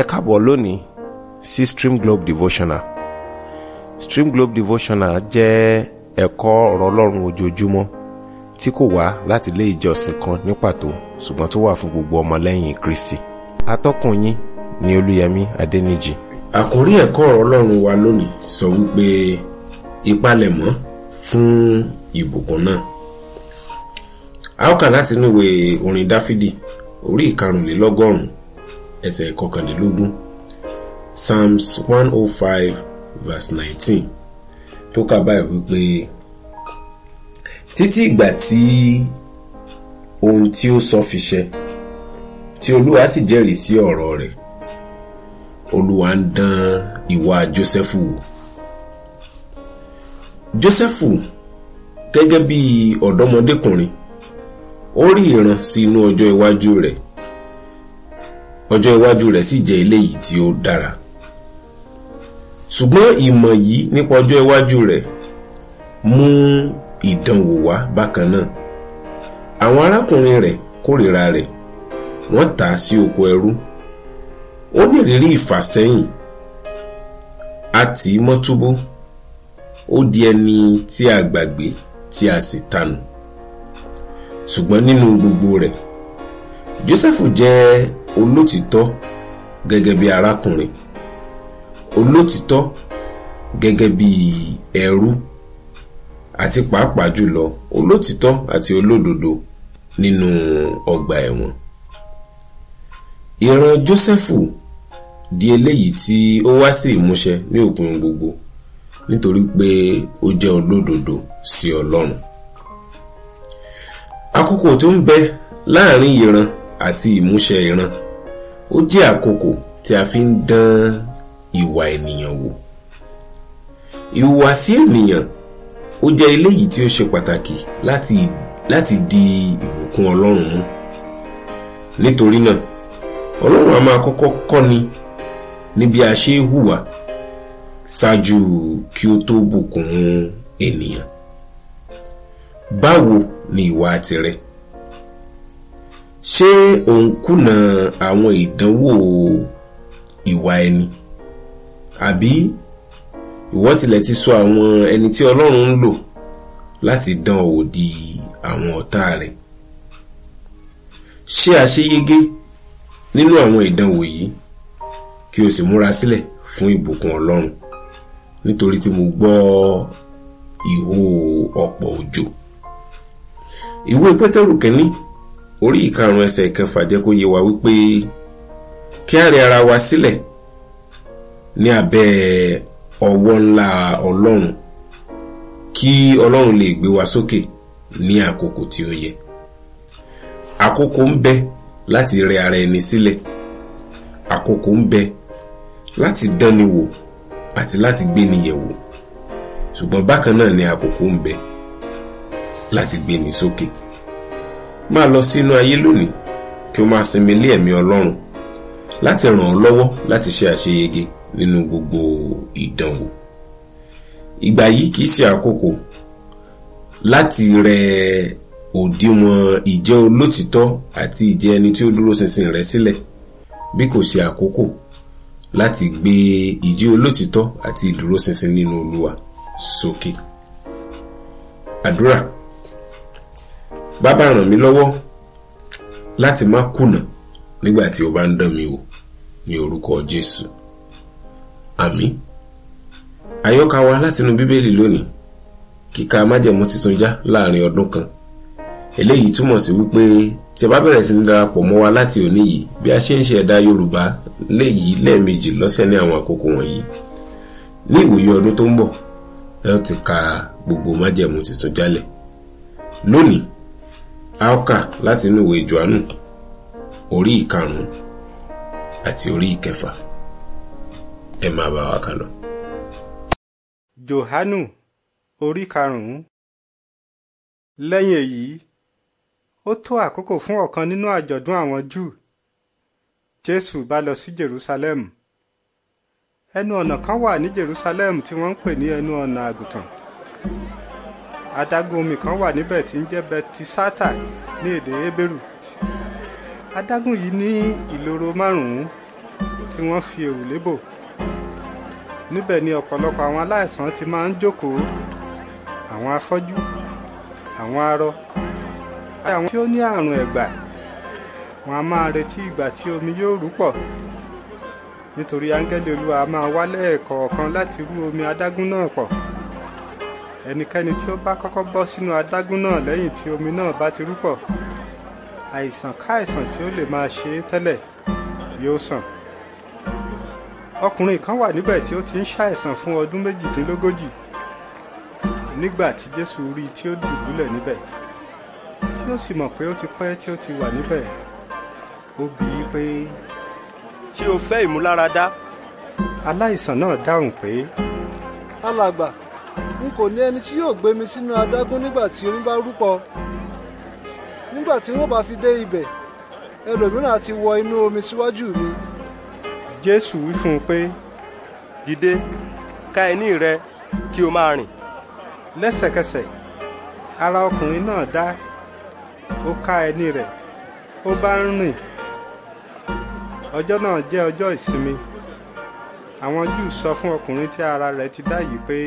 ẹ káàbọ̀ lónìí sí Stream Globe Devotional Stream Globe Devotional jẹ́ ẹ̀kọ́ ọ̀rọ̀ ọlọ́run ojoojúmọ́ tí kò wá láti ilé ìjọsìn kan ní pàtó ṣùgbọ́n tó wà fún gbogbo ọmọlẹ́yìn Kristi atọ́kùn yín ni Olúyẹmí Adẹ́nìjì. àkórí ẹ̀kọ́ ọ̀rọ̀ ọlọ́run wa lónìí sọ wípé ìpalẹ̀mọ́ fún ìbùkún náà a ó kà láti inú ìwé orin Dáfídì orí ìkarùnlélọ́gọ́rùn-ún ẹsẹ̀ kọkànlélógún psalms one oh five verse nineteen tó kà báyìí wípé títí ìgbà tí ohun tí ó sọ fi ṣẹ tí olúwa sì jẹ́rìí sí ọ̀rọ̀ rẹ̀ olúwa ń dán ìwà jósẹ́fù wò jósẹ́fù gẹ́gẹ́ bí ọ̀dọ́mọdékùnrin ó rí ìran sí inú ọjọ́ iwájú rẹ̀ ọjọ́ iwájú rẹ̀ sì jẹ́ eléyìí tí ó dára ṣùgbọ́n ìmọ̀ yìí nípa ọjọ́ iwájú rẹ̀ mú ìdánwò wá bákan náà àwọn arákùnrin rẹ̀ kórìíra rẹ̀ wọ́n tà á sí oko ẹrú ó ní ìrírí ìfàsẹ́yìn àti mọ́túbó ó di ẹni tí a gbàgbé tí a sì tanù ṣùgbọ́n nínú gbogbo rẹ̀ Jósẹ́fù jẹ́ olótìtọ́ gẹ́gẹ́ bí arákùnrin olótìtọ́ gẹ́gẹ́ bí ẹrú àti pàápàá jùlọ olótìtọ́ àti olódodo nínú ọgbà ẹ̀wọ̀n ìran Jósẹ́fù di eléyìí tí ó wá sí ìmúṣẹ ní òpin gbogbo nítorí pé ó jẹ́ olódodo sí Ọlọ́run àkókò tó ń bẹ láàrin ìran àti ìmúṣẹ ìran ó jẹ́ àkókò tí a fi ń dán ìwà ènìyàn wò ìhùwàsí ènìyàn ó jẹ́ eléyìí tí ó ṣe pàtàkì láti láti di ìbùkún ọlọ́run mú nítorí náà ọlọ́run a máa kọ́kọ́ kọ́ni ní bí a ṣe é hùwà ṣáájú kí ó tó bùkún ènìyàn báwo ni ìwà tirẹ̀ ṣé òun kùnà àwọn ìdánwò ìwà ẹni àbí ìwọ tilẹ̀ ti sọ àwọn ẹni tí ọlọ́run ń lò láti dán òwò di àwọn ọ̀tá rẹ̀ ṣé àṣeyege nínú àwọn ìdánwò yìí kí o sì múra sílẹ̀ fún ìbùkún ọlọ́run nítorí tí mo gbọ́ ìhó ọ̀pọ̀ òjò ìwé pétérù kẹ́ni orí ìkarùn ẹsẹ̀ kẹfà jẹ́ kó yé wa wípé kí a rẹ ara wa sílẹ̀ ní abẹ́ ọwọ́ ńlá ọlọ́run kí ọlọ́run lè gbé wa sókè ní àkókò tí ó yẹ àkókò ń bẹ láti rẹ ara ẹni sílẹ̀ àkókò ń bẹ láti dánni wò àti láti gbéni yẹ̀wò ṣùgbọ́n bákan náà ni àkókò ń bẹ láti gbéni sókè. So máa lọ sínú ayé lónìí kí o máa sinmi lé ẹ̀mí ọlọ́run láti ràn ọ́ lọ́wọ́ láti ṣe àṣeyege nínú gbogbo ìdánwò ìgbà yìí kìí ṣe àkókò láti rẹ òdiwọ̀n ìjẹ́ olótìtọ́ àti ìjẹ́ ẹni tí ó dúró ṣinṣin rẹ sílẹ̀ bí kò ṣe àkókò láti gbé ìjẹ́ olótìtọ́ àti ìdúró ṣinṣin nínú olúwa sókè àdúrà. So bàbá ràn mí lọ́wọ́ láti má kùnà nígbà tí o bá ń dán mi wò ní orúkọ Jésù àmín àyọkà wa látinú bíbélì lónìí kíka májẹ̀mú tuntun já láàrin ọdún kan eléyìí túmọ̀ sí wípé tí a bá bẹ̀rẹ̀ sí ní darapọ̀ mọ́ wa láti òní yìí bí a ṣe ń ṣe ẹ̀dá Yorùbá léyìí lẹ́ẹ̀mejì lọ́sẹ̀ ní àwọn àkókò wọ̀nyí ní ìwòye ọdún tó ń bọ̀ ẹ ti ka gbogbo májẹ̀mú tuntun jálẹ̀ lónìí Aoka, ó kà láti inú ìwé johannu orí ìkarùn-ún àti orí ìkẹfà ẹ máa bá wa kà lọ. johannu orí karùn-ún lẹ́yìn èyí ó tó àkókò fún ọ̀kan nínú àjọ̀dún àwọn júù jésù bá lọ sí jerusalem ẹnu ọ̀nà kan wà ní jerusalem tí wọ́n ń pè ní ẹnu ọ̀nà àgùntàn adágún omi kan wà níbẹ̀ tí ń jẹ́ betisata ní èdè Hébérù adágún yìí ní ìloro márùn-ún tí wọ́n fi èrù lébò níbẹ̀ ni ọ̀pọ̀lọpọ̀ àwọn aláìsàn ti máa ń jókòó àwọn afọ́jú àwọn arọ àti àwọn tí ó ní àrùn ẹ̀gbà wọn a máa retí ìgbà tí omi yóò rú pọ̀ nítorí áńgẹ́lì Olúwa a máa wálẹ̀ ẹ̀kọ̀ọ̀kan láti rú omi adágún náà pọ̀ ẹnikẹ́ni tí ó bá kọ́kọ́ bọ́ sínú adágún náà lẹ́yìn tí omi náà bá ti rúpọ̀ àìsàn káàìsàn tí ó lè máa ṣe é tẹ́lẹ̀ yóò sàn ọkùnrin kan wà níbẹ̀ tí ó ti ń ṣàìsàn fún ọdún méjìdínlógójì nígbà tí jésù rí tí ó dùbúlẹ̀ níbẹ̀ tí ó sì mọ̀ pé ó ti pẹ́ tí ó ti wà níbẹ̀ ó bi í pé. ṣé o fẹ́ ìmúláradá. aláìsàn náà dáhùn pé. alàgbà n kò ní ẹni tí yóò gbé mi sínú adágún nígbà tí omi bá rúpọ nígbà tí wọn bá fi dé ibẹ̀ ẹlòmíràn ti wọ inú omi síwájú mi. jésù wí fún un pé dìde ká ẹní rẹ kí o máa rìn. lẹ́sẹ̀kẹsẹ̀ ara ọkùnrin náà dá ó ká ẹní rẹ̀ ó bá ń rìn ọjọ́ náà jẹ́ ọjọ́ ìsinmi àwọn júù sọ fún ọkùnrin tí ara rẹ̀ ti dá yìí pé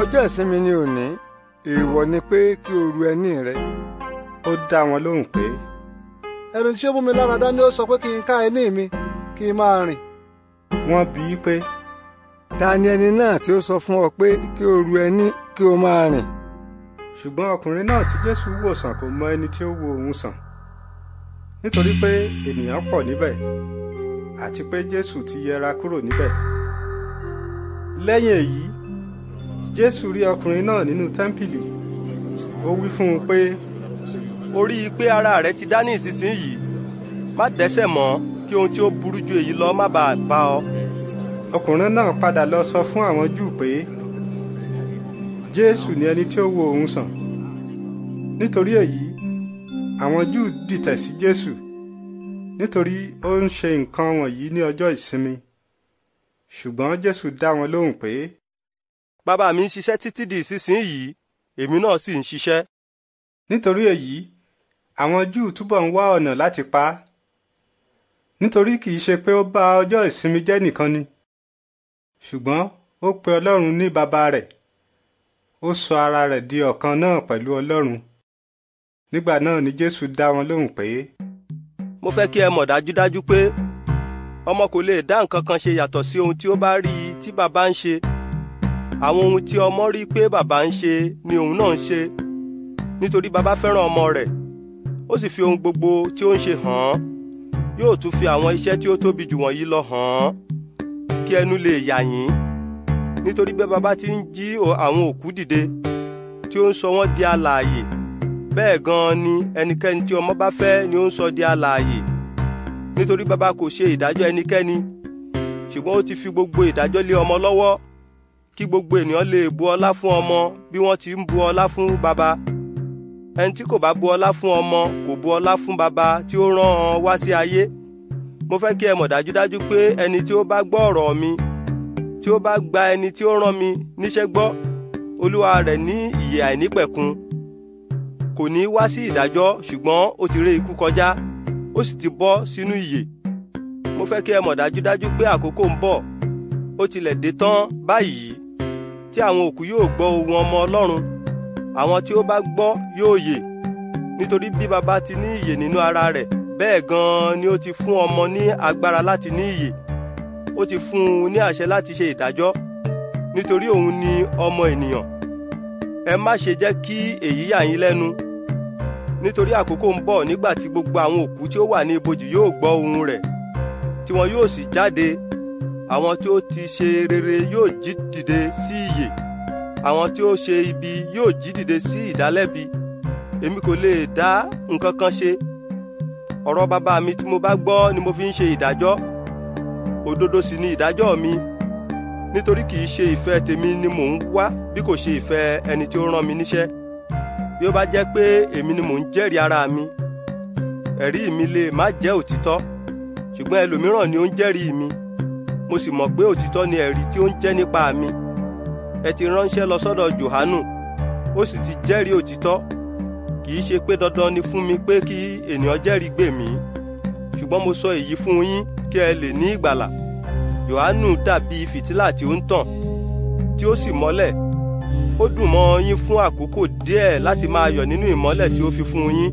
ọjọ́ ìsinmi ni òní èèwọ̀ ni pé kí o ru ẹní rẹ. ó dá wọn lóhùn pé. ẹni tí ó mú mi lára dání ó sọ pé kí n ká ẹní mi kí n máa rìn. wọ́n bi í pé. ta ni ẹni náà tí ó sọ fún ọ pé kí o ru ẹní kí o máa rìn. ṣùgbọ́n ọkùnrin náà tí jésù wò sàn kò mọ ẹni tí ó wo òun sàn nítorí pé ènìyàn pọ̀ níbẹ̀ àti pé jésù ti yẹra kúrò níbẹ̀ lẹ́yìn èyí jésù rí ọkùnrin náà nínú tẹ́ḿpìlì ó wí fún un pé. ó rí i pé ara rẹ ti dá ní ìsinsìnyí má dẹ́ṣẹ̀ mọ́ kí ohun tí ó burú ju èyí lọ má bàa bá ọ. ọkùnrin náà padà lọ sọ fún àwọn júù pé jésù ni ẹni tí ó wo òun sàn nítorí èyí àwọn júù dìtẹ̀ sí jésù nítorí ó ń ṣe nǹkan wọ̀nyí ní ọjọ́ ìsinmi ṣùgbọ́n jésù dá wọn lóhùn pé bàbá mi ń ṣiṣẹ́ títí di ìsinsìnyí èmi náà sì ń ṣiṣẹ́. nítorí èyí àwọn júù túbọ̀ ń wá ọ̀nà láti pa á nítorí kì í ṣe pé ó bá ọjọ́ ìsinmi jẹ́ nìkan ni ṣùgbọ́n ó pe ọlọ́run ní bàbá rẹ̀ ó sọ ara rẹ̀ di ọ̀kan náà pẹ̀lú ọlọ́run nígbà náà ni jésù dá wọn lóhùn pé. mo fẹ́ kí ẹ mọ̀ dájúdájú pé ọmọ kò lè dá nǹkan kan ṣe yàtọ̀ sí ohun tí ó bá rí i tí bàbá ń ṣe àwọn ohun tí ọmọ rí pé bàbá ń ṣe ni òun náà ń ṣe nítorí bàbá fẹ́ràn ọmọ rẹ̀ ó sì fi ohun gbogbo tí ó ń ṣe hàn án yóò tún fi àwọn iṣẹ́ tí ó tóbi jù wọ̀nyí lọ hàn án kí ẹnu lè yà yín nítorí bí bàbá ti ń jí àwọn òkú dìde tí ó ń sọ wọ́n di alààyè bẹ́ẹ̀ gan-an ni ẹnikẹ́ni tí ọmọ bá fẹ́ ni ó ń sọ di alààyè nítorí bàbá kò ṣe ìdájọ́ ẹnikẹ́ni ṣùgbọ́n ó ti fi gbogbo ìdájọ́ lé ọmọ lọ́wọ́ kí gbogbo ènìyàn lè bu ọlá fún ọmọ bí wọ́n ti ń bu ọlá fún baba ẹni tí kò bá bu ọlá fún ọmọ kò bu ọlá fún baba tí ó rán an wá sí ayé mo fẹ́ kí ẹ mọ̀ dájúdájú pé ẹni tí ó bá gbọ́ ọ̀rọ̀ mi tí ó bá gba ẹni tí ó rán mi níṣẹ́ gbọ́ olúwa rẹ̀ ní ìyè àìnípẹ̀kun kò ní wá sí ìdájọ́ ṣùgbọ́n ó ti ré ikú kọjá ó sì ti bọ́ sínú ìyè mo fẹ́ kí ẹ mọ̀ dájúdájú pé àkókò ń bọ̀ ó tilẹ̀ dé tán báyìí tí àwọn òkú yóò gbọ́ ohùn ọmọ Ọlọ́run àwọn tí ó bá gbọ́ yóò yè nítorí bí baba ti ní ìyè nínú ara rẹ̀ bẹ́ẹ̀ gan-an ni ó ti fún ọmọ ní agbára láti ní ìyè ó ti fún un ní àṣẹ láti ṣe ìdájọ́ nítorí òun ni ọmọ ènìyàn ẹ má ṣe jẹ́ kí èyí yà yín lẹ́nu nítorí àkókò ń bọ̀ nígbà tí gbogbo àwọn òkú tí ó wà ní ibojì yóò gbọ́ ohùn rẹ̀ tí wọn yóò sì jáde àwọn tí ó ti ṣe rere yóò jí dìde sí ìyè àwọn tí ó ṣe ibi yóò jí dìde sí ìdálẹ́bi èmi kò lè dá nǹkan kan ṣe ọ̀rọ̀ bàbá mi tí mo bá gbọ́ ni mo fi ń ṣe ìdájọ́ òdodo sì ni ìdájọ́ mi nítorí kì í ṣe ìfẹ́ tèmi ni mò ń wá bí kò ṣe ìfẹ́ ẹni tí ó rán mi níṣẹ́ bí ó bá jẹ́ pé èmi ni mò ń jẹ́rìí ara mi ẹ̀rí mi lè má jẹ́ òtítọ́ ṣùgbọ́n ẹlòmíràn ni ó ń jẹ́rìí mi mo sì mọ̀ pé òtítọ́ ni ẹ̀rí tí ó ń jẹ́ nípa mi ẹ ti ránṣẹ́ lọ sọ́dọ̀ Jòhánù ó sì ti jẹ́rìí òtítọ́ kì í ṣe pé dandan ni fún mi pé kí ènìyàn jẹ́rìí gbè mí ṣùgbọ́n mo sọ èyí fún yín kí ẹ lè ní ìgbàlà Jòhánù dàbí fìtílà tí ó ń tàn tí ó sì mọ́lẹ̀ ó dùn mọ́ yín fún àkókò díẹ̀ láti máa yọ̀ nínú ìmọ́lẹ̀ tí ó fi fún yín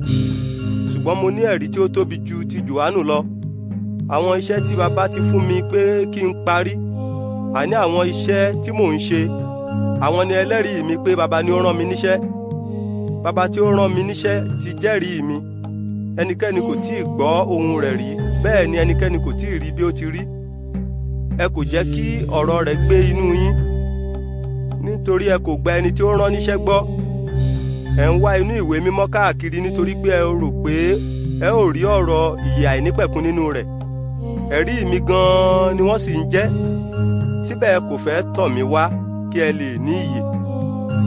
ṣùgbọ́n mo ní ẹ̀rí tí ó tóbi ju ti Jòhánù lọ àwọn iṣẹ́ tí bàbá ti fún mi pé kí n parí àní àwọn iṣẹ́ tí mò ń ṣe àwọn ni ẹlẹ́rìí mi pé bàbá ni ó rán mi níṣẹ́ bàbá tí ó rán mi níṣẹ́ ti jẹ́rìí mi ẹnikẹ́ni kò tí ì gbọ́ ohun rẹ̀ rí bẹ́ẹ̀ ni ẹnikẹ́ni kò tí ì rí bí ó ti rí ẹ kò jẹ́ kí ọ̀rọ̀ rẹ̀ gbé inú yín nítorí ẹ kò gba ẹni tí ó rán níṣẹ́ gbọ́ ẹ ń wá inú ìwé mímọ́ káàkiri nítorí pé ẹ rò pé ẹ ò rí ọ̀rọ̀ ìyè àìnípẹ̀kun nínú rẹ̀ ẹ̀rí mi gan-an ni wọ́n sì ń jẹ́ síbẹ̀ kò fẹ́ tọ̀ mí wá kí ẹ lè ní iyè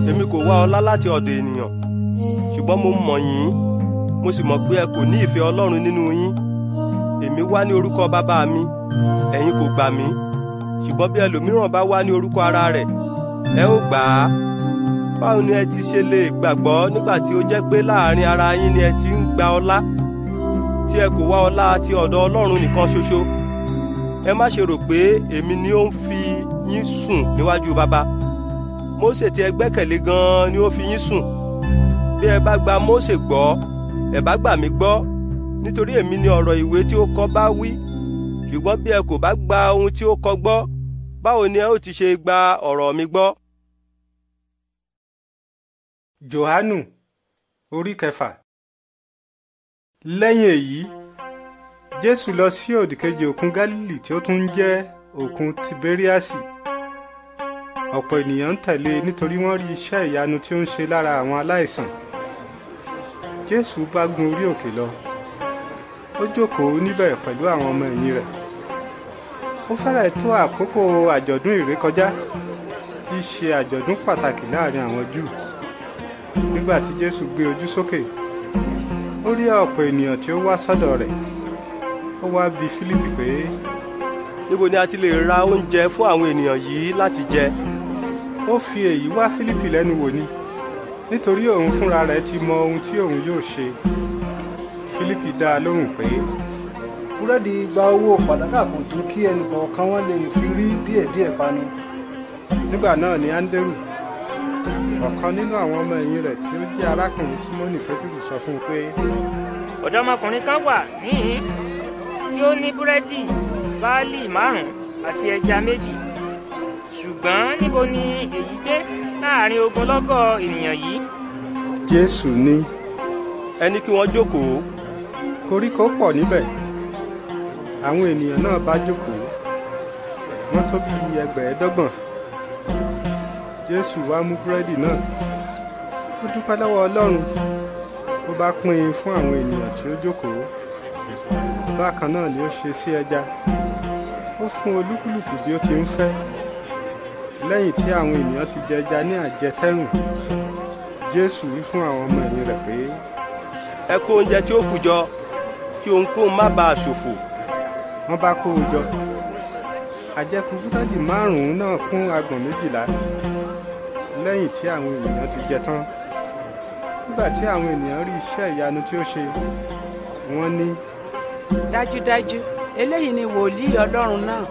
èmi kò wá ọlá láti ọ̀dọ̀ ènìyàn ṣùgbọ́n mo mọ̀ yín mo sì mọ̀ pé ẹ kò ní ìfẹ́ Ọlọ́run nínú yín èmi wá ní orúkọ bàbá mi ẹ̀yin kò gbà mí ṣùgbọ́n bí ẹlòmíràn bá wá ní orúkọ ara rẹ̀ ẹ ó gbà á báwo ni ẹ ti ṣe lè gbàgbọ́ nígbà tí ó jẹ́ pé láàrin ara yín ni ẹ ti ń gba ọlá tí ẹ kò wá ọlá àti ọ̀dọ̀ Ọlọ́run nìkan ṣoṣo ẹ má ṣe rò pé èmi ni ó ń fi yín sùn níwájú bàbá Mósè tí ẹ gbẹ́kẹ̀lé gan-an ni ó fi yín sùn bí ẹ bá gba Mósè gbọ́ ẹ bá gbà mí gbọ́ nítorí èmi ni ọ̀rọ̀ ìwé tí ó kọ bá wí ṣùgbọ́n bí ẹ kò bá gba ohun tí ó kọ gbọ́ báwo ni ẹ ó ti ṣe gba ọ̀rọ̀ mi gbọ́. Jòhánù orí kẹfà lẹ́yìn èyí jésù lọ sí òdìkejì òkun galili tí ó tún ń jẹ́ òkun tiberiasi ọ̀pọ̀ ènìyàn ń tẹ̀lé e nítorí wọ́n rí iṣẹ́ ìyanu tí ó ń ṣe lára àwọn aláìsàn jésù bá gun orí òkè lọ ó jókòó níbẹ̀ pẹ̀lú àwọn ọmọ ẹ̀yìn rẹ̀ ó fẹ́rẹ̀ tó àkókò àjọ̀dún ìrékọjá tí í ṣe àjọ̀dún pàtàkì láàrin àwọn júù nígbà tí jésù gbé ojú sókè ó rí ọ̀pọ̀ ènìyàn tí ó wá sọ́dọ̀ rẹ̀ ó wá bi Fílípì pé. níbo ni a ti lè ra oúnjẹ fún àwọn ènìyàn yìí láti jẹ. ó fi èyí wá Fílípì lẹ́nu wò ni nítorí òun fúnra rẹ̀ ti mọ ohun tí òun yóò ṣe. Fílípì dá a lóhùn pé. búrẹ́dì igba owó fàdákà kò tó kí ẹnìkọ̀ọ̀kan wọn lè fi rí díẹ̀díẹ̀ panu. nígbà náà ni Áńdérù ọ̀kan nínú àwọn ọmọ ẹ̀yìn rẹ̀ tí ó jẹ́ arákùnrin simoni pétérù sọ fún un pé. ọ̀dọ́mọkùnrin kan wà níhìn tí ó ní búrẹ́dì báálì márùn-ún àti ẹja méjì ṣùgbọ́n níbo ni èyí dé láàrin ogunlọ́gọ̀ ènìyàn yìí. jésù ní. ẹ kí wọ́n jókòó. koríko pọ̀ níbẹ̀ àwọn ènìyàn náà bá jókòó wọ́n tó bí ẹgbẹ̀ẹ́dọ́gbọ̀n jésù wá mú búrẹ́dì náà ó dúpẹ́ lọ́wọ́ ọlọ́run ó bá pín in fún àwọn ènìyàn tí ó jókòó bákan náà ni ó ṣe sí ẹja ó fún olúkúlùkù bí ó ti ń fẹ́ lẹ́yìn tí àwọn ènìyàn ti jẹ ẹja ní àjẹtẹ́rùn jésù wí fún àwọn ọmọ ẹ̀yìn rẹ̀ pé. ẹ kó oúnjẹ tí ó kù jọ kí ohunkóhun má bàa ṣòfò. wọ́n bá kó o jọ àjẹkù búrẹ́dì márùn-ún náà kún agbọ̀n méjìlá lẹ́yìn tí àwọn ènìyàn ti jẹ tán nígbà tí àwọn ènìyàn rí iṣẹ́ ìyanu tí ó ṣe wọ́n ní. dájúdájú eléyìí ni wòlíì ọlọ́run náà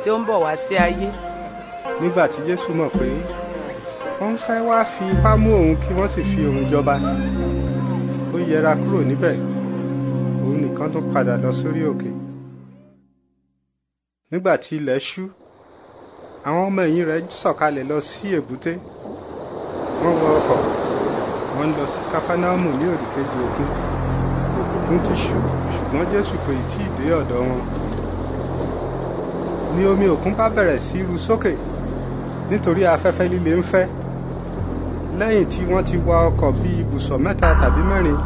tí ó ń bọ̀ wá sí ayé. nígbà tí jésù mọ̀ pé wọ́n ń fẹ́ wá fi ipá mú òun kí wọ́n sì fi òun jọba ó yẹra kúrò níbẹ̀ òun nìkan tó padà lọ sórí òkè nígbà tí ilẹ̀ ṣú àwọn ọmọ ẹ̀yìn rẹ̀ sọ̀kalẹ̀ lọ sí èbúté. Si wọ́n wọ ọkọ̀ wọ́n lọ sí kápánámù ní òdìkejì òkun òkùnkùn ti ṣú ṣùgbọ́n jésù kò ì tí ì dé ọ̀dọ̀ wọn ni omi òkun bá bẹ̀rẹ̀ sí ru sókè nítorí afẹ́fẹ́ líle ń fẹ́ lẹ́yìn tí wọ́n ti wa ọkọ̀ bí ibùsọ̀ mẹ́ta tàbí mẹ́rin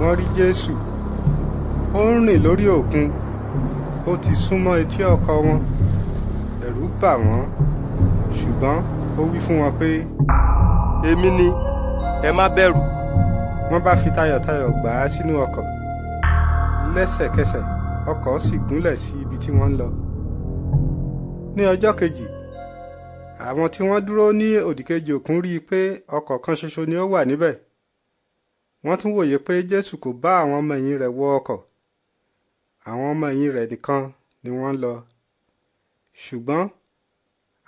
wọ́n rí jésù ó ń rìn lórí òkun ó ti súnmọ́ etí ọkọ̀ wọn ẹ̀rù bà wọ́n ṣùgbọ́n ó wí fún wọn pé èmi ni ẹ má bẹ̀rù. wọ́n bá fi tayọ̀tayọ̀ gbà á sínú ọkọ̀ lẹ́sẹ̀kẹsẹ̀ ọkọ̀ sì gúnlẹ̀ sí ibi tí wọ́n ń lọ. ní ọjọ́ kejì àwọn tí wọ́n dúró ní òdìkejì òkun rí i pé ọkọ̀ kan ṣoṣo ni ó wà níbẹ̀ wọ́n tún wòye pé jésù kò bá àwọn ọmọ ẹ̀yìn rẹ̀ wọ ọkọ̀ àwọn ọmọ ẹ̀yìn rẹ̀ nìkan ni wọ́n ń lọ ṣùgbọ́n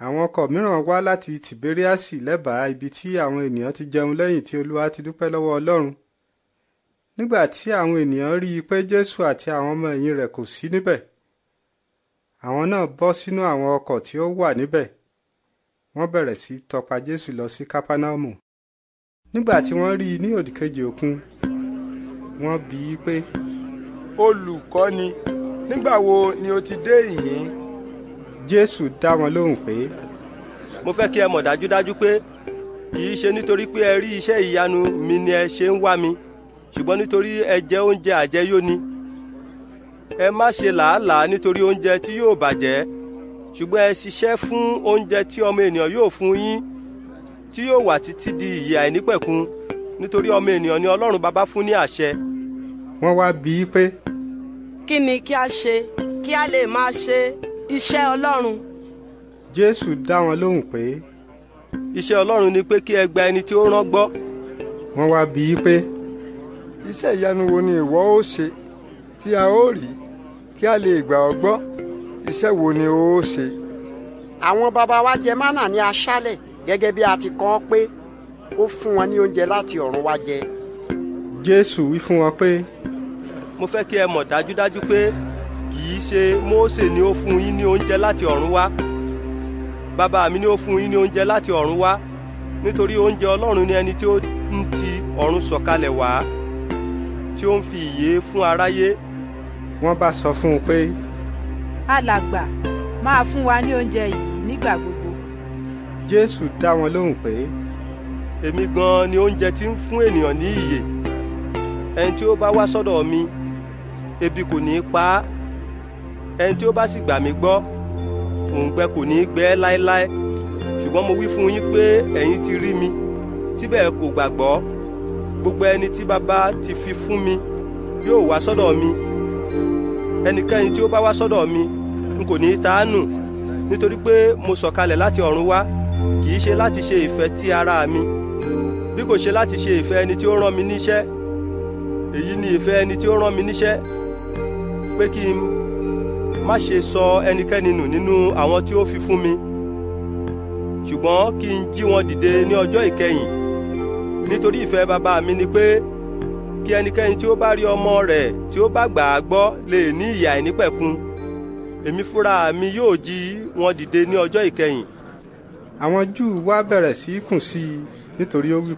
àwọn ọkọ̀ mìíràn wá láti tìbéríàsì lẹ́bàá ibi tí àwọn ènìyàn ti jẹun lẹ́yìn tí olúwa ti dúpẹ́ lọ́wọ́ ọlọ́run nígbà tí àwọn ènìyàn rí i pé jésù àti àwọn ọmọ ẹ̀yìn rẹ̀ kò sí níbẹ̀ àwọn náà bọ́ sínú àwọn ọkọ̀ tí ó wà níbẹ̀ wọ́n bẹ̀rẹ̀ sí tọpa jésù lọ sí kápánámù nígbà tí wọ́n rí i ní òdìkejì òkun wọ́n bi í pé olùkọ́ni nígbà wo ni o ti dé ìyín jésù dá wọn lóhùn pé. mo fẹ́ kí ẹ mọ̀ dájúdájú pé kì í ṣe nítorí pé ẹ rí iṣẹ́ ìyanu mi ni ẹ ṣe ń wá mi ṣùgbọ́n nítorí ẹ jẹ oúnjẹ àjẹyó ni ẹ má ṣe làálàá nítorí oúnjẹ tí yóò bàjẹ́ ṣùgbọ́n ẹ ṣiṣẹ́ fún oúnjẹ tí ọmọ ènìyàn yóò fún yín tí yóò wà títí di ìyè àìnípẹ̀kun nítorí ọmọ ènìyàn ni ọlọ́run bàbá fún ní àṣẹ. wọ́n wá bí i pé. kí ni kí a ṣe kí a lè máa ṣe iṣẹ́ Ọlọ́run. Jésù dá wọn lóhùn pé. Iṣẹ́ Ọlọ́run ni pé kí ẹ gba ẹni tí ó rán gbọ́. Wọ́n wá bí i pé. Iṣẹ́ ìyanu wo ni ìwọ ó ṣe tí a ó rí kí a lè gbà ọ́ gbọ́? Iṣẹ́ wo ni o ó ṣe? Àwọn baba wa jẹ mánà ní aṣálẹ̀ gẹ́gẹ́ bí a ti kọ ọ́ pé ó fún wọn ní oúnjẹ láti ọ̀run wá jẹ. Jésù wí fún wọn pé. Mo fẹ́ kí ẹ mọ̀ dájúdájú pé kì í ṣe Mósè ni ó fún yín ní oúnjẹ láti ọ̀run wá bàbá mi ni ó fún yín ní oúnjẹ láti ọ̀run wá nítorí oúnjẹ Ọlọ́run ni ẹni tí ó ń ti ọ̀run sọ̀kalẹ̀ wá tí ó ń fi ìyè fún aráyé. wọ́n bá sọ fún un pé. alàgbà máa fún wa ní oúnjẹ yìí nígbà gbogbo. Jésù dá wọn lóhùn pé. èmi gan-an ni oúnjẹ tí ń fún ènìyàn ní ìyè ẹni tí ó bá wá sọ́dọ̀ mi ebi kò ní í pa á ẹni tí ó bá sì gbà mí gbọ́ òǹgbẹ kò ní í gbẹ láéláé ṣùgbọ́n mo wí fún yín pé ẹ̀yin ti rí mi síbẹ̀ kò gbàgbọ́ gbogbo ẹni tí bàbá ti fi fún mi yóò wá sọ́dọ̀ mi ẹnikẹ́ni tí ó bá wá sọ́dọ̀ mi n kò ní í ta á nù nítorí pé mo sọ̀kalẹ̀ láti ọ̀run wá kì í ṣe láti ṣe ìfẹ́ ti ara mi bí kò ṣe láti ṣe ìfẹ́ ẹni tí ó rán mi níṣẹ́ èyí ni ìfẹ́ ẹni tí ó rán mi níṣẹ́ pé kí n má ṣe sọ ẹnikẹ́ni nù nínú àwọn tí ó fi fún mi ṣùgbọ́n kí n jí wọn dìde ní ọjọ́ ìkẹyìn nítorí ìfẹ́ bàbá mi ni pé kí ẹnikẹ́ni tí ó bá rí ọmọ rẹ̀ tí ó bá gbà á gbọ́ lè ní ìyà àìnípẹ̀kun èmi fúnra mi yóò jí wọn dìde ní ọjọ́ ìkẹyìn. àwọn júù wá bẹ̀rẹ̀ sí í kùn sí i nítorí ó wí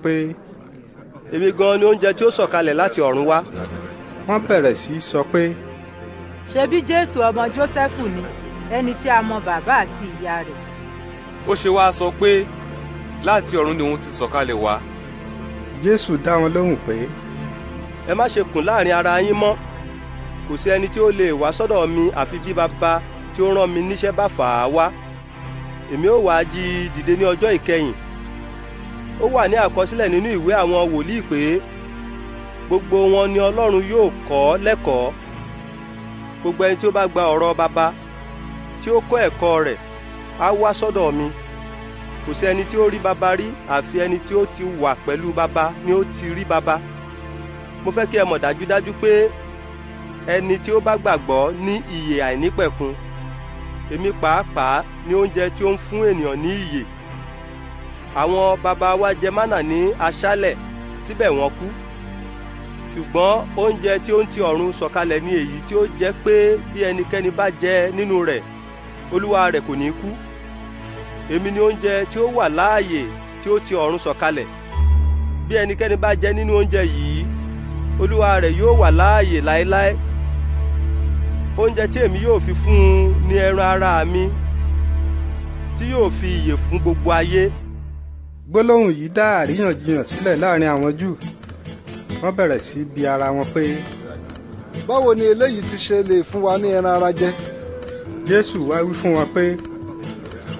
èmi gan ni oúnjẹ tí ó sọ̀kalẹ̀ láti ọ̀run wá. wọ́n bẹ̀rẹ̀ sí í sọ pé ṣebí jésù ọmọ jósẹ́fù ni ẹni tí a mọ bàbá àti ìyá rẹ̀. ó ṣe wáá sọ pé láti ọ̀run ni òun ti sọ̀kalẹ̀ wá. jésù dá wọn lóhùn pé. ẹ má ṣe kùn láàrin ara yín mọ́ kò sí ẹni tí ó lè wá sọ́dọ̀ mi àfi bí bàbá tí ó rán mi níṣẹ́ bá fà á wá èmi ó wàá jí i dìde ní ọjọ́ ìkẹyìn ó wà ní àkọsílẹ̀ nínú ìwé àwọn wòlíì pé gbogbo wọn ni ọlọ́run yóò kọ́ lẹ́kọ̀ọ́ gbogbo ẹni tí ó bá gba ọ̀rọ̀ bàbá tí ó kọ́ ẹ̀kọ́ rẹ̀ á wá sọ́dọ̀ mi kò sí ẹni tí ó rí bàbá rí àfi ẹni tí ó ti wà pẹ̀lú bàbá ni ó ti rí bàbá mo fẹ́ kí ẹ mọ̀ dájúdájú pé ẹni tí ó bá gbàgbọ́ ní ìyè àìnípẹ̀kun èmi pàápàá ní oúnjẹ tí ó ń fún ènìyàn ní ìyè àwọn bàbá wa jẹ mánà ní aṣálẹ̀ síbẹ̀ wọ́n kú ṣùgbọ́n oúnjẹ tí ó ń ti ọ̀run sọ̀kalẹ̀ ni èyí tí ó jẹ́ pé bí ẹnikẹ́ni bá jẹ nínú rẹ̀ olúwa rẹ̀ kò ní kú èmi ni oúnjẹ tí ó wà láàyè tí ó ti ọ̀run sọ̀kalẹ̀ bí ẹnikẹ́ni bá jẹ nínú oúnjẹ yìí olúwa rẹ̀ yóò wà láàyè láéláé oúnjẹ tí èmi yóò fi fún un ni ẹran ara mi tí yóò fi ìyè fún gbogbo ayé. gbólóhùn yìí dá àríyànjiyàn sílẹ̀ láàrin àwọn júù wọ́n bẹ̀rẹ̀ sí bi ara wọn pé. báwo ni eléyìí ti ṣe lè fún wa ní ẹran ara jẹ. jésù wá wí fún wọn pé.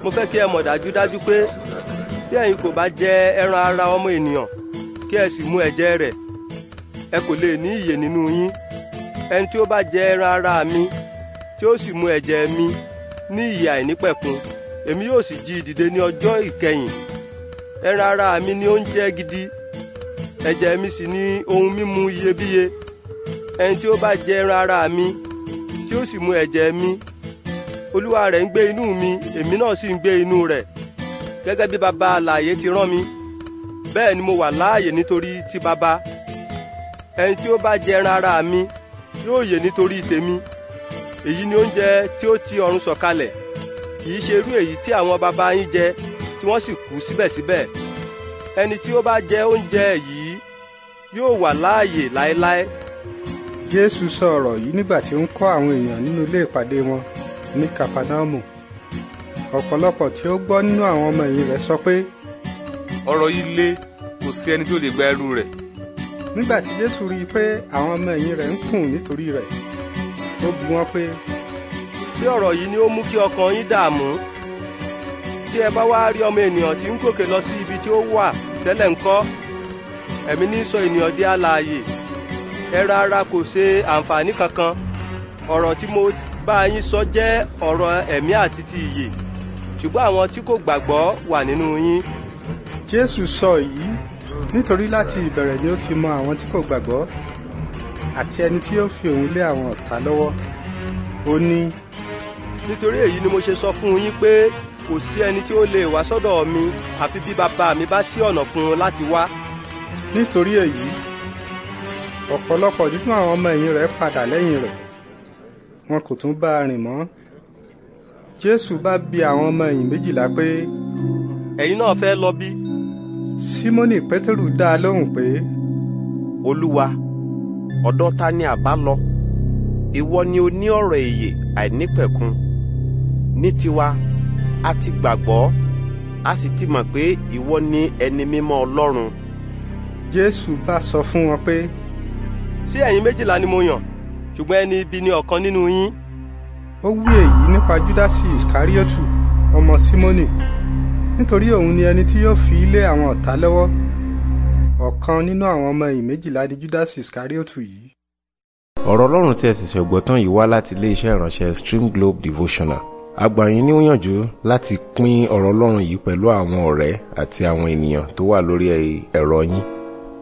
mo fẹ́ kí ẹ mọ̀ dájúdájú pé bí ẹ̀yin kò bá jẹ ẹran ara ọmọ ènìyàn kí ẹ sì mú ẹ̀jẹ̀ rẹ̀ ẹ kò lè ní ìyè nínú yín ẹni tí ó bá jẹ ẹran ara mi tí ó sì mú ẹ̀jẹ̀ mi ní ìyè àìnípẹ̀kun èmi yóò sì jí i dìde ní ọjọ́ ìkẹyìn ẹran ara mi ni oúnjẹ gidi ẹ̀jẹ̀ mi sì ni ohun mímu iyebíye ẹni tí ó bá jẹ ẹran ara mi tí ó sì mu ẹ̀jẹ̀ mi olúwa rẹ̀ ń gbé inú mi èmi náà sì ń gbé inú rẹ̀ gẹ́gẹ́ bí baba alààyè ti rán mi bẹ́ẹ̀ ni mo wà láàyè nítorí ti baba ẹni tí ó bá jẹ ẹran ara mi yóò yè nítorí tèmi èyí ni oúnjẹ tí ó ti ọ̀run sọ̀kalẹ̀ kì í ṣe irú èyí tí àwọn baba yín jẹ tí wọ́n sì kú síbẹ̀síbẹ̀ ẹni tí ó bá jẹ oúnjẹ yìí yóò wà láàyè láéláé. jésù sọ ọ̀rọ̀ yìí nígbà tí ó ń kọ́ àwọn èèyàn nínú ilé ìpàdé wọn ní kapanaumu ọ̀pọ̀lọpọ̀ tí ó gbọ́ nínú àwọn ọmọ ẹ̀yìn rẹ̀ sọ pé. ọ̀rọ̀ yìí le kò sí ẹni tí ó lè gba ẹrù rẹ̀. nígbà tí jésù rí i pé àwọn ọmọ ẹ̀yìn rẹ̀ ń kùn nítorí rẹ̀ ó bi wọ́n pé. ṣé ọ̀rọ̀ yìí ni ó mú kí ọkàn yín dààmú? tí ẹ bá wá rí ọmọ ènìyàn tí ń gòkè lọ sí ibi tí ó wà tẹ́lẹ̀ ńkọ́? ẹ̀mí ní sọ ènìyàn di alààyè ẹran ara kò ṣe àǹfààní kankan ọ̀rọ̀ tí mo bá yín sọ jẹ́ ọ̀rọ̀ ẹ̀mí àti ti ìyè ṣùgbọ́n àwọn tí kò gbàgbọ́ wà nínú yín. Jésù sọ èyí nítorí láti ìbẹ̀rẹ̀ ni ó ti mọ àwọn tí kò gbàgbọ́ àti ẹni tí ó fi òun lé àwọn ọ̀tá lọ́wọ́ ó ní. nítorí èyí ni mo ṣe sọ fún yín pé kò sí ẹni tí ó lè wá sọ́dọ̀ mi àfi bí bàbá mi bá ṣí ọ̀nà fún un láti wá nítorí èyí ọ̀pọ̀lọpọ̀ nínú àwọn ọmọ ẹ̀yìn rẹ̀ padà lẹ́yìn rẹ̀ wọn kò tún bá a rìn mọ́ jésù bá bi àwọn ọmọ ẹ̀yìn méjìlá pé. ẹ̀yin náà fẹ́ lọ bí. símónì pétérù dá a lóhùn pé. olúwa ọ̀dọ̀ ta ni àbá lọ ìwọ ni o ní ọ̀rọ̀ èyè àìnípẹ̀kun ní tiwa a ti gbàgbọ́ a sì ti mọ̀ pé ìwọ ni ẹni mímọ́ ọlọ́run jésù bá sọ fún wọn pé. ṣé ẹ̀yin méjìlá ni mo yàn ṣùgbọ́n ẹni ibi ni ọ̀kan nínú yín. ó wí èyí nípa júdásì ìsíkáríọ́tù ọmọ símónì nítorí òun ni ẹni tí yóò fi ilé àwọn ọ̀tá lọ́wọ́ ọ̀kan nínú àwọn ọmọ ẹ̀yìn méjìlá ni júdásì ìsíkáríọ́tù yìí. ọ̀rọ̀ ọlọ́run tí ẹ ṣẹ̀ṣẹ̀ gbọ́ tán yìí wá láti iléeṣẹ́ ìránṣẹ́ stream globe devotional a gbà yín níyànjú láti pín ọ̀rọ̀ ọlọ́run yìí pẹ̀lú àwọn ọ̀rẹ́ àti àwọn ènìyàn tó wà lórí ẹ̀rọ yín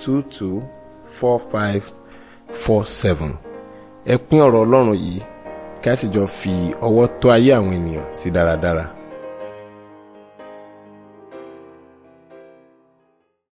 22 45 47. ẹ pín ọ̀rọ̀ ọlọ́run yìí kí a sì jọ fi ọwọ́ tó ayé àwọn ènìyàn sí dáradára.